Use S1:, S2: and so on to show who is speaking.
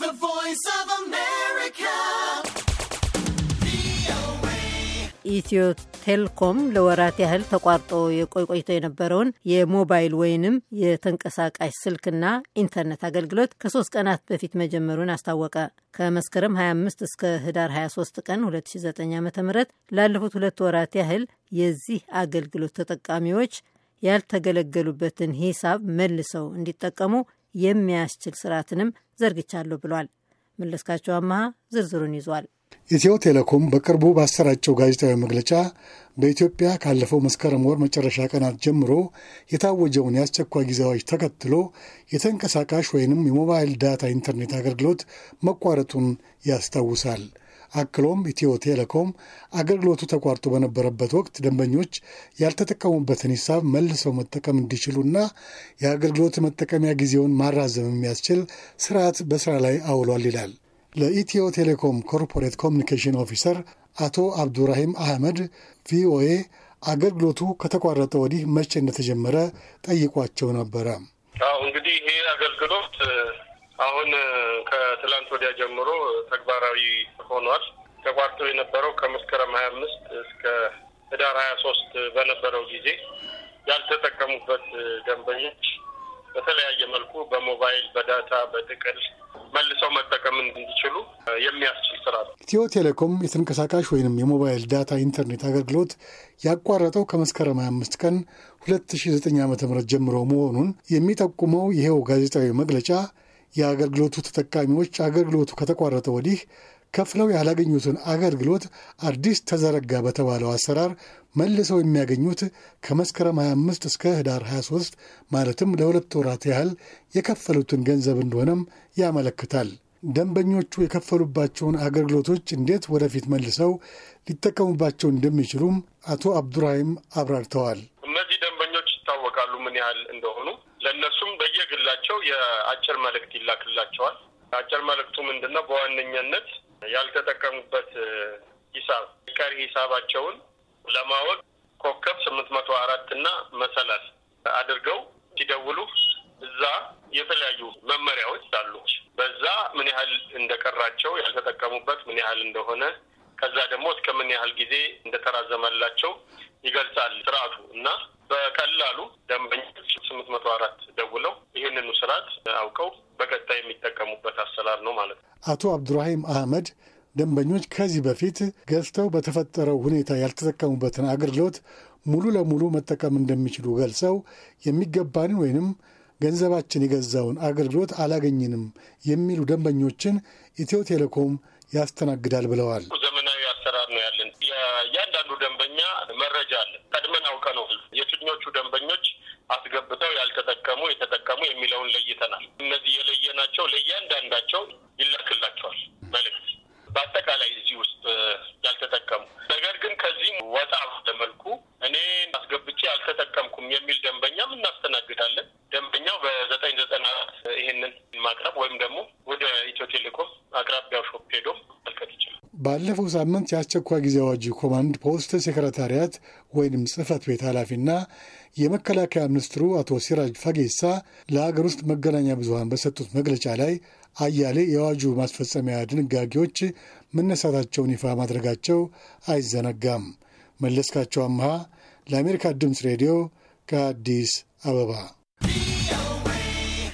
S1: The Voice of America.
S2: ኢትዮ ቴልኮም ለወራት ያህል ተቋርጦ የቆይቆይቶ የነበረውን የሞባይል ወይንም የተንቀሳቃሽ ስልክና ኢንተርኔት አገልግሎት ከሶስት ቀናት በፊት መጀመሩን አስታወቀ። ከመስከረም 25 እስከ ህዳር 23 ቀን 2009 ዓ ም ላለፉት ሁለት ወራት ያህል የዚህ አገልግሎት ተጠቃሚዎች ያልተገለገሉበትን ሂሳብ መልሰው እንዲጠቀሙ የሚያስችል ስርዓትንም ዘርግቻለሁ ብሏል። መለስካቸው አመሃ ዝርዝሩን ይዟል።
S1: ኢትዮ ቴሌኮም በቅርቡ ባሰራጨው ጋዜጣዊ መግለጫ በኢትዮጵያ ካለፈው መስከረም ወር መጨረሻ ቀናት ጀምሮ የታወጀውን የአስቸኳይ ጊዜ አዋጅ ተከትሎ የተንቀሳቃሽ ወይንም የሞባይል ዳታ ኢንተርኔት አገልግሎት መቋረጡን ያስታውሳል። አክሎም ኢትዮ ቴሌኮም አገልግሎቱ ተቋርጦ በነበረበት ወቅት ደንበኞች ያልተጠቀሙበትን ሂሳብ መልሰው መጠቀም እንዲችሉና የአገልግሎት መጠቀሚያ ጊዜውን ማራዘም የሚያስችል ስርዓት በስራ ላይ አውሏል ይላል። ለኢትዮ ቴሌኮም ኮርፖሬት ኮሚኒኬሽን ኦፊሰር አቶ አብዱራሂም አህመድ ቪኦኤ አገልግሎቱ ከተቋረጠ ወዲህ መቼ እንደተጀመረ ጠይቋቸው ነበረ።
S3: አዎ እንግዲህ ይሄ አገልግሎት አሁን ከትላንት ወዲያ ጀምሮ ተግባራዊ ሆኗል። ተቋርጦ የነበረው ከመስከረም ሀያ አምስት እስከ ህዳር ሀያ ሶስት በነበረው ጊዜ ያልተጠቀሙበት ደንበኞች በተለያየ መልኩ በሞባይል በዳታ በጥቅል መልሰው መጠቀም እንዲችሉ የሚያስችል ስራ ነው።
S1: ኢትዮ ቴሌኮም የተንቀሳቃሽ ወይንም የሞባይል ዳታ ኢንተርኔት አገልግሎት ያቋረጠው ከመስከረም 25 ቀን 2009 ዓ.ም ጀምሮ መሆኑን የሚጠቁመው ይኸው ጋዜጣዊ መግለጫ የአገልግሎቱ ተጠቃሚዎች አገልግሎቱ ከተቋረጠ ወዲህ ከፍለው ያላገኙትን አገልግሎት አዲስ ተዘረጋ በተባለው አሰራር መልሰው የሚያገኙት ከመስከረም 25 እስከ ህዳር 23 ማለትም ለሁለት ወራት ያህል የከፈሉትን ገንዘብ እንደሆነም ያመለክታል። ደንበኞቹ የከፈሉባቸውን አገልግሎቶች እንዴት ወደፊት መልሰው ሊጠቀሙባቸው እንደሚችሉም አቶ አብዱራሂም አብራርተዋል።
S3: የአጭር መልእክት ይላክላቸዋል። አጭር መልእክቱ ምንድን ነው? በዋነኛነት ያልተጠቀሙበት ሂሳብ ቀሪ ሂሳባቸውን ለማወቅ ኮከብ ስምንት መቶ አራት እና መሰላል አድርገው ሲደውሉ እዛ የተለያዩ መመሪያዎች አሉ። በዛ ምን ያህል እንደቀራቸው ያልተጠቀሙበት ምን ያህል እንደሆነ ከዛ ደግሞ እስከ ምን ያህል ጊዜ እንደተራዘመላቸው ይገልጻል ስርዓቱ እና በቀላሉ ደንበኞች ስምንት መቶ አራት ደውለው ይህንኑ ስርዓት አውቀው በቀጣይ የሚጠቀሙበት አሰራር ነው ማለት ነው።
S1: አቶ አብዱራሂም አህመድ ደንበኞች ከዚህ በፊት ገዝተው በተፈጠረው ሁኔታ ያልተጠቀሙበትን አገልግሎት ሙሉ ለሙሉ መጠቀም እንደሚችሉ ገልጸው የሚገባንን ወይንም ገንዘባችን የገዛውን አገልግሎት አላገኝንም የሚሉ ደንበኞችን ኢትዮ ቴሌኮም ያስተናግዳል ብለዋል። ዘመናዊ
S3: አሰራር ነው ያለን። እያንዳንዱ ደንበኛ መረጃ አለን። እነዚህ የለየ ናቸው ለእያንዳንዳቸው ይላክላቸዋል መልእክት በአጠቃላይ እዚህ ውስጥ ያልተጠቀሙ ነገር ግን ከዚህም ወጣ በመልኩ እኔ አስገብቼ አልተጠቀምኩም የሚል ደንበኛም እናስተናግዳለን። ደንበኛው በዘጠኝ ዘጠና ይህንን ማቅረብ ወይም ደግሞ ወደ ኢትዮ ቴሌኮም አቅራቢያው ሾፕ ሄዶም
S1: ባለፈው ሳምንት የአስቸኳይ ጊዜ አዋጅ ኮማንድ ፖስት ሴክረታሪያት ወይንም ጽህፈት ቤት ኃላፊና የመከላከያ ሚኒስትሩ አቶ ሲራጅ ፈጌሳ ለሀገር ውስጥ መገናኛ ብዙሀን በሰጡት መግለጫ ላይ አያሌ የአዋጁ ማስፈጸሚያ ድንጋጌዎች መነሳታቸውን ይፋ ማድረጋቸው አይዘነጋም። መለስካቸው አምሃ ለአሜሪካ ድምፅ ሬዲዮ ከአዲስ አበባ